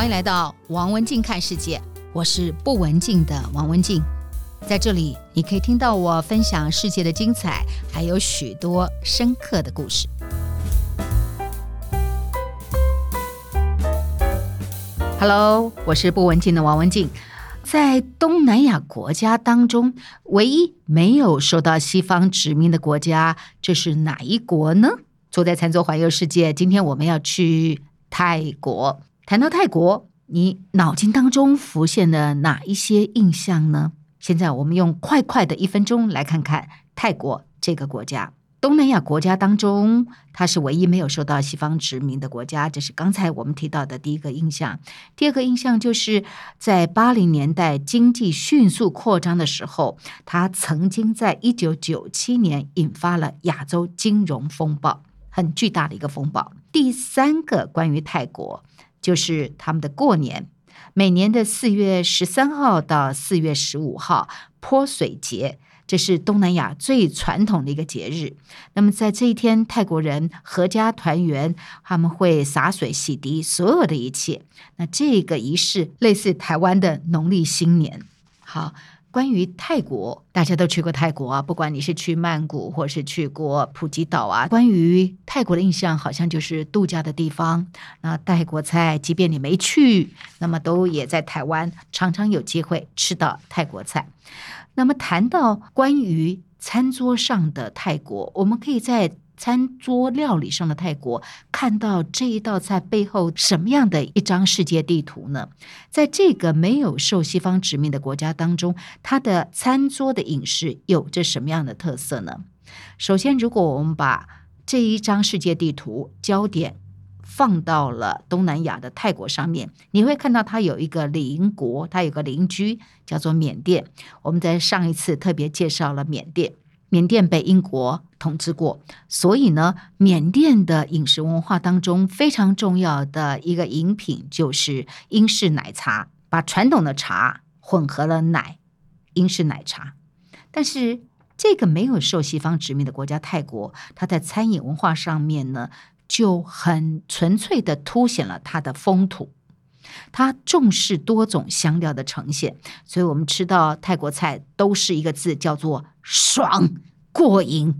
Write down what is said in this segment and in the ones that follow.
歡迎來到王文靜看世界，我是不文靜的王文靜，在這裡你可以聽到我分享世界的精彩，還有許多深刻的故事。Hello，我是不文靜的王文靜。在東南亞國家當中，唯一沒有受到西方殖民的國家，這、就是哪一國呢？坐在餐桌環遊世界，今天我們要去泰國。談到泰國，你腦筋當中浮現了哪一些印象呢？現在我們用快快的一分鐘來看看泰國這個國家，東南亞國家當中，它是唯一沒有受到西方殖民的國家，這是剛才我們提到的第一個印象。第二個印象就是在八零年代經濟迅速擴張的時候，它曾經在一九九七年引發了亞洲金融風暴，很巨大的一個風暴。第三個關於泰國。就是他們的過年，每年的四月十三號到四月十五號潑水節，這是東南亞最傳統的一個節日。那麼在這一天，泰國人合家團圓，他們會灑水洗滌所有的一切。那這個儀式類似台灣的農曆新年。好。關於泰國，大家都去過泰國啊，不管你是去曼谷或是去過普吉島啊，關於泰國的印象好像就是度假的地方。那、啊、泰國菜，即便你沒去，那麼都也在台灣常常有機會吃到泰國菜。那麼談到關於餐桌上的泰國，我們可以在。餐桌料理上的泰國，看到這一道菜背後什麼樣的一張世界地圖呢？在這個沒有受西方殖民的國家當中，它的餐桌的飲食有着什麼樣的特色呢？首先，如果我們把這一張世界地圖焦點放到了東南亞的泰國上面，你會看到它有一個鄰國，它有個鄰居叫做緬甸。我們在上一次特別介紹了緬甸，緬甸被英國。統治過，所以呢，緬甸的飲食文化當中非常重要的一個飲品就是英式奶茶，把傳統的茶混合了奶，英式奶茶。但是這個沒有受西方殖民的國家泰國，它在餐飲文化上面呢，就很純粹的凸顯了它的風土，它重視多種香料的呈現，所以我們吃到泰國菜都是一個字，叫做爽，過癮。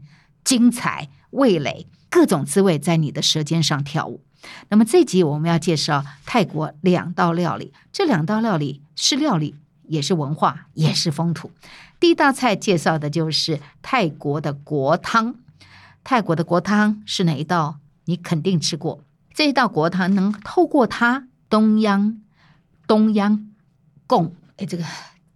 精彩味蕾，各種滋味在你的舌尖上跳舞。那麼這集我們要介紹泰國兩道料理，這兩道料理是料理，也是文化，也是風土。第一道菜介紹的就是泰國的國湯，泰國的國湯是哪一道？你肯定吃過這一道國湯，能透過它，冬蔭冬蔭功，哎，這個。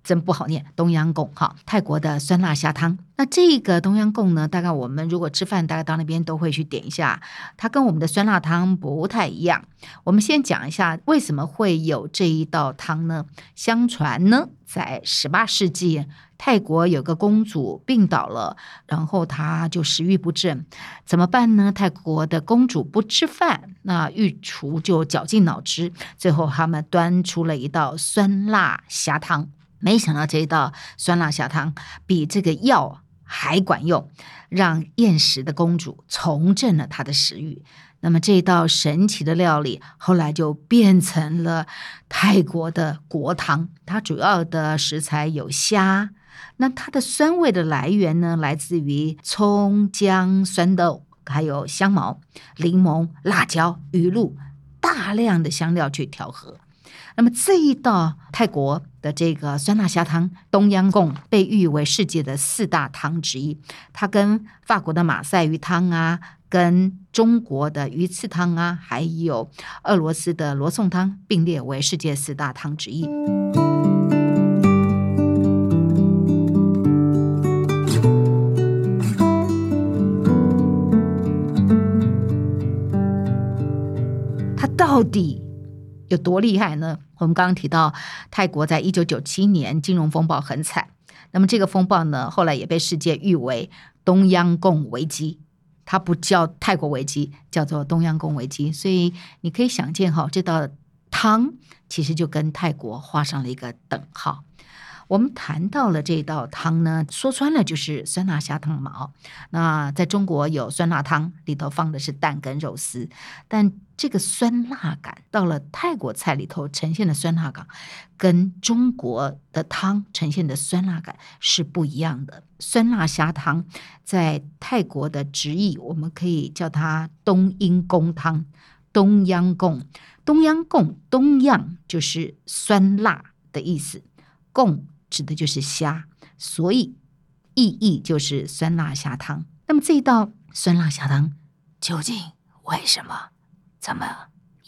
真不好念，冬蔭功哈，泰國的酸辣蝦湯。那這個冬蔭功呢，大概我們如果吃飯，大概到那邊都會去點一下。它跟我們的酸辣湯不太一樣。我們先講一下為什麼會有這一道湯呢？相傳呢，在十八世紀，泰國有個公主病倒了，然後她就食慾不振，怎麼辦呢？泰國的公主不吃飯，那御廚就絞盡腦汁，最後他們端出了一道酸辣蝦湯。沒想到這道酸辣蝦湯比這個藥還管用，讓厭食的公主重振了她的食慾。那麼這道神奇的料理後來就變成了泰國的國湯。它主要的食材有蝦，那它的酸味的來源呢，來自於蔥、薑、酸豆，還有香茅、檸檬、辣椒、魚露，大量的香料去調和。那麼這一道泰國的這個酸辣蝦湯，冬蔭功，被譽為世界的四大湯之一。它跟法國的馬賽魚湯啊，跟中國的魚翅湯啊，還有俄羅斯的羅宋湯並列為世界四大湯之一。它到底有多厲害呢？我們剛剛提到泰國在一九九七年金融風暴很慘，那麼這個風暴呢，後來也被世界譽為“冬蔭功危機”，它不叫泰國危機，叫做“冬蔭功危機”。所以你可以想見，哈，這道湯其實就跟泰國畫上了一個等號。我們談到了這道湯呢，說穿了就是酸辣蝦湯嘛，哦。那在中國有酸辣湯，裡頭放的是蛋跟肉絲，但這個酸辣感到了泰國菜裡頭呈現的酸辣感，跟中國的湯呈現的酸辣感是不一樣的。酸辣蝦湯在泰國的直譯，我們可以叫它東功湯“冬蔭功湯”、“冬蔭功”、“冬蔭功”、“冬蔭”，就是酸辣的意思。功。指的就是蝦，所以意義就是酸辣蝦湯。那麼這一道酸辣蝦湯究竟為什麼這麼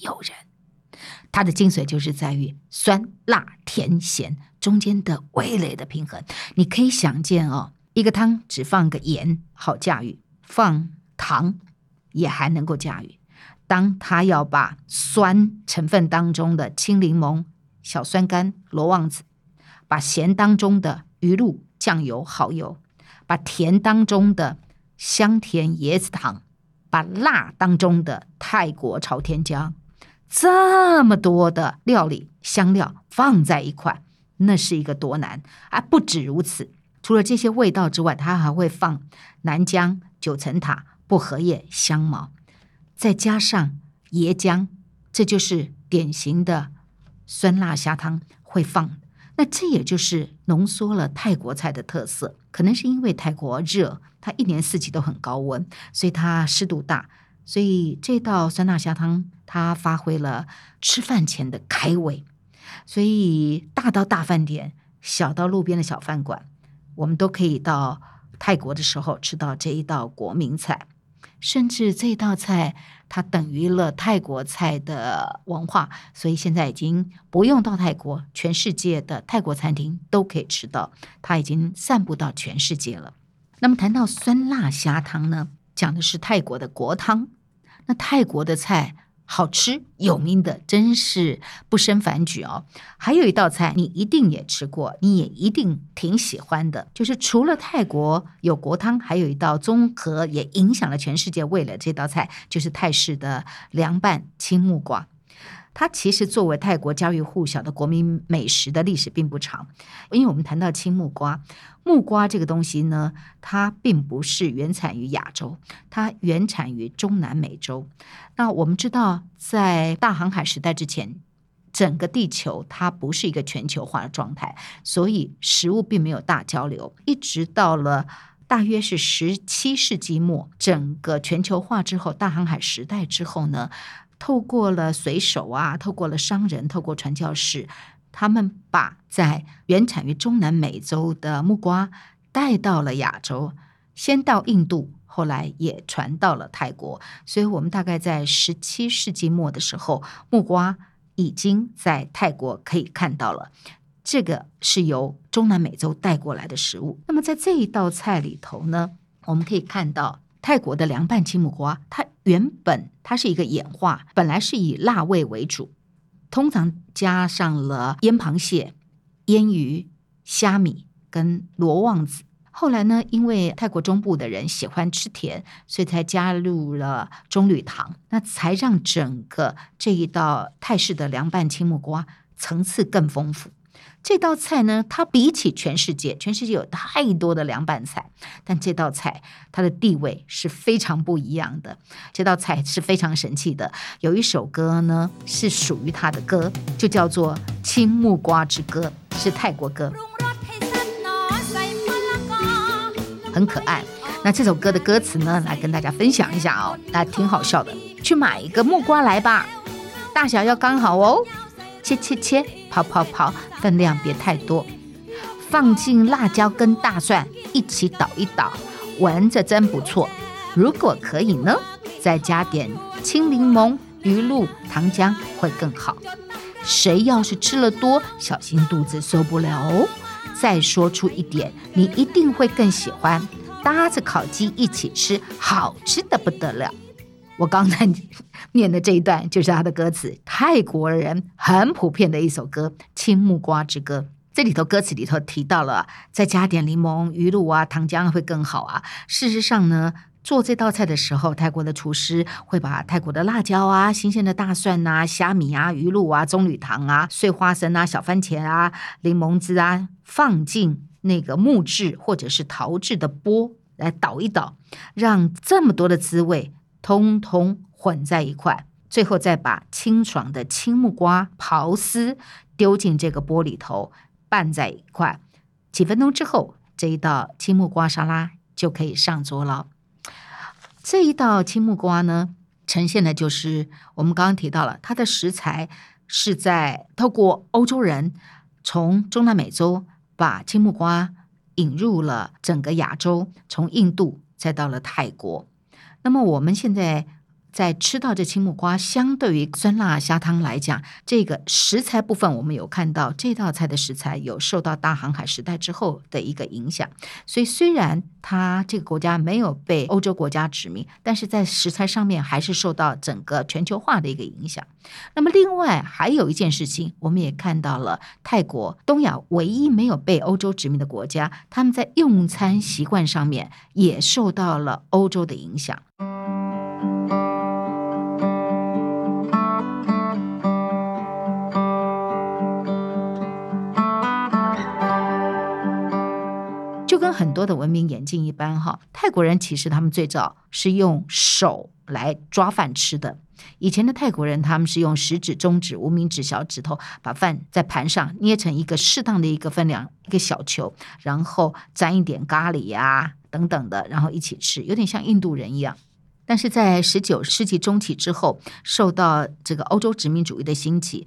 誘人？它的精髓就是在於酸、辣、甜、鹹中間的味蕾的平衡。你可以想見哦，一個湯只放個鹽好駕馭，放糖也還能夠駕馭。當他要把酸成分當中的青檸檬、小酸柑、羅望子，把鹹當中的魚露、醬油、蠔油，把甜當中的香甜椰子糖，把辣當中的泰國朝天椒，這麼多的料理香料放在一塊，那是一個多難啊！不止如此，除了這些味道之外，它還會放南薑、九層塔、薄荷葉、香茅，再加上椰漿，這就是典型的酸辣蝦湯會放的那這也就是濃縮了泰國菜的特色，可能是因為泰國熱，它一年四季都很高溫，所以它濕度大，所以這道酸辣蝦湯它發揮了吃飯前的開胃，所以大到大飯店，小到路邊的小飯館，我們都可以到泰國的時候吃到這一道國民菜。甚至這道菜它等於了泰國菜的文化，所以現在已經不用到泰國，全世界的泰國餐廳都可以吃到，它已經散布到全世界了。那麼談到酸辣蝦湯呢，講的是泰國的國湯，那泰國的菜。好吃有名的、嗯、真是不勝枚舉哦。還有一道菜你一定也吃過，你也一定挺喜歡的，就是除了泰國有國湯，還有一道綜合也影響了全世界味蕾這道菜，就是泰式的涼拌青木瓜。它其實作為泰國家喻戶曉的國民美食的歷史並不長，因為我們談到青木瓜，木瓜這個東西呢，它並不是原產於亞洲，它原產於中南美洲。那我們知道，在大航海時代之前，整個地球它不是一個全球化的狀態，所以食物並沒有大交流。一直到了大約是十七世紀末，整個全球化之後，大航海時代之後呢，透過了水手啊，透過了商人，透過傳教士，他們把在原產於中南美洲的木瓜帶到了亞洲，先到印度，後來也傳到了泰國。所以，我們大概在十七世紀末的時候，木瓜已經在泰國可以看到了。這個是由中南美洲帶過來的食物。那麼，在這一道菜裡頭呢，我們可以看到泰國的涼拌青木瓜，它原本它是一個演化，本來是以辣味為主，通常加上了醃螃蟹、醃魚、蝦米跟羅望子。後來呢，因為泰國中部的人喜歡吃甜，所以才加入了棕櫚糖，那才讓整個這一道泰式的涼拌青木瓜層次更豐富。這道菜呢，它比起全世界，全世界有太多的涼拌菜，但這道菜它的地位是非常不一樣的。這道菜是非常神奇的，有一首歌呢是屬於它的歌，就叫做《青木瓜之歌》，是泰國歌，很可愛。那這首歌的歌詞呢，來跟大家分享一下哦。那挺好笑的。去買一個木瓜來吧，大小要剛好哦，切切切。泡泡泡，泡，泡，分量別太多，放進辣椒跟大蒜一起搗一搗，聞着真不錯。如果可以呢，再加點青檸檬、魚露、糖漿會更好。誰要是吃了多，小心肚子受不了哦。再說出一點，你一定會更喜歡搭着烤雞一起吃，好吃得不得了。我剛才念的這一段就是他的歌詞，泰國人很普遍的一首歌《青木瓜之歌》。這裡頭歌詞裡頭提到了啊，再加點檸檬魚露啊、糖漿會更好啊。事實上呢，做這道菜的時候，泰國的廚師會把泰國的辣椒啊、新鮮的大蒜啊、蝦米啊、魚露啊、棕櫚糖啊、碎花生啊、小番茄啊、檸檬汁啊，放進那個木質或者是陶制的缽來搗一搗，讓這麼多的滋味。通通混在一塊，最後再把清爽的青木瓜刨絲丟進這個缽裡頭，拌在一塊。幾分鐘之後，這一道青木瓜沙拉就可以上桌了。這一道青木瓜呢，呈現的就是我們剛剛提到了，它的食材是在透過歐洲人從中南美洲把青木瓜引入了整個亞洲，從印度再到了泰國。那麼我們現在。在吃到這青木瓜，相對於酸辣蝦湯來講，這個食材部分我們有看到這道菜的食材有受到大航海時代之後的一個影響。所以雖然它這個國家沒有被歐洲國家殖民，但是在食材上面還是受到整個全球化的一個影響。那麼另外還有一件事情，我們也看到了泰國、東亞唯一沒有被歐洲殖民的國家，他們在用餐習慣上面也受到了歐洲的影響。很多的文明演進一般哈，泰國人其實他們最早是用手來抓飯吃的。以前的泰國人他們是用食指、中指、無名指、小指頭，把飯在盤上捏成一個適當的一個分量一個小球，然後沾一點咖喱呀、啊、等等的，然後一起吃，有點像印度人一樣。但是在十九世紀中期之後，受到這個歐洲殖民主義的興起。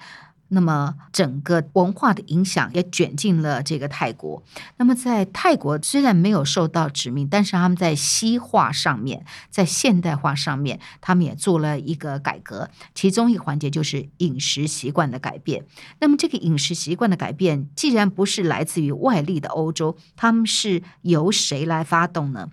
那麼整個文化的影響也捲進了這個泰國。那麼在泰國雖然沒有受到殖民，但是他們在西化上面，在現代化上面，他們也做了一個改革。其中一個環節就是飲食習慣的改變。那麼這個飲食習慣的改變，既然不是來自於外力的歐洲，他們是由誰來發動呢？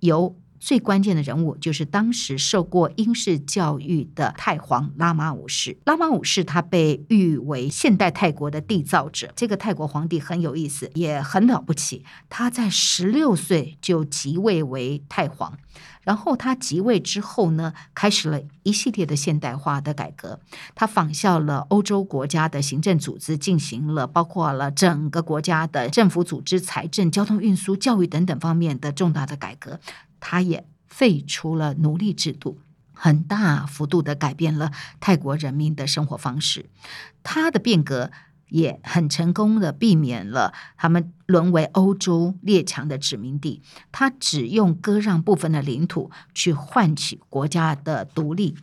由最關鍵的人物就是當時受過英式教育的泰皇拉瑪五世。拉瑪五世他被譽為現代泰國的締造者。這個泰國皇帝很有意思，也很了不起。他在十六歲就即位為泰皇，然後他即位之後呢，開始了一系列的現代化的改革。他仿效了歐洲國家的行政組織，進行了包括了整個國家的政府組織、財政、交通運輸、教育等等方面的重大的改革。他也廢除了奴隸制度，很大幅度的改變了泰國人民的生活方式。他的變革也很成功的避免了他們淪為歐洲列強的殖民地。他只用割讓部分的領土去換取國家的獨立。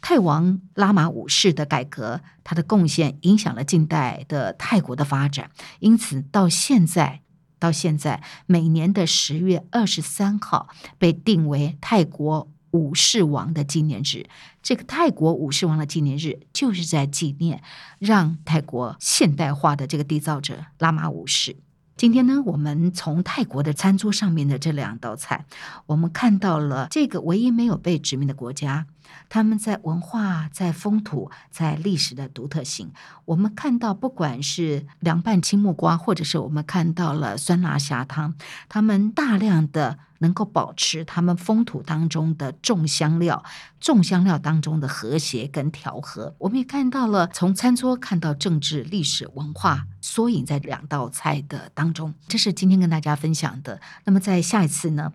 泰王拉瑪五世的改革，他的貢獻影響了近代的泰國的發展，因此到現在。到現在，每年的十月二十三號被定為泰國五世王的紀念日。這個泰國五世王的紀念日，就是在紀念讓泰國現代化的這個締造者拉瑪五世。今天呢，我們從泰國的餐桌上面的這兩道菜，我們看到了這個唯一沒有被殖民的國家。他們在文化、在風土、在歷史的獨特性，我們看到，不管是涼拌青木瓜，或者是我們看到了酸辣蝦湯，他們大量的能夠保持他們風土當中的重香料、重香料當中的和諧跟調和。我們也看到了，從餐桌看到政治、歷史文化縮影在兩道菜的當中。這是今天跟大家分享的。那麼在下一次呢？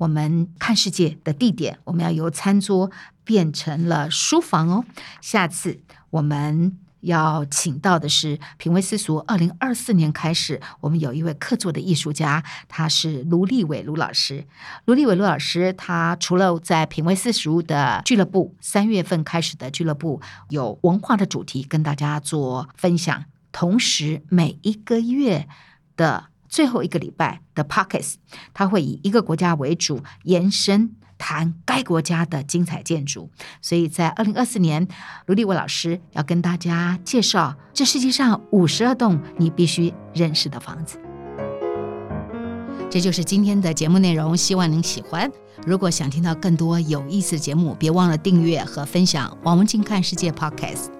我們看世界的地點，我們要由餐桌變成了書房哦。下次我們要請到的是品味私塾。二零二四年開始，我們有一位客座的藝術家，他是盧立偉盧老師。盧立偉盧老師，他除了在品味私塾的俱樂部，三月份開始的俱樂部，有文化的主題跟大家做分享，同時每一個月的。最後一個禮拜的 Podcast，它會以一個國家為主，延伸談該國家的精彩建築。所以在二零二四年，盧立偉老師要跟大家介紹這世界上五十二棟你必須認識的房子。這就是今天的節目內容，希望您喜歡。如果想聽到更多有意思的節目，別忘了訂閱和分享《王文靜看世界 Podcast》Podcast。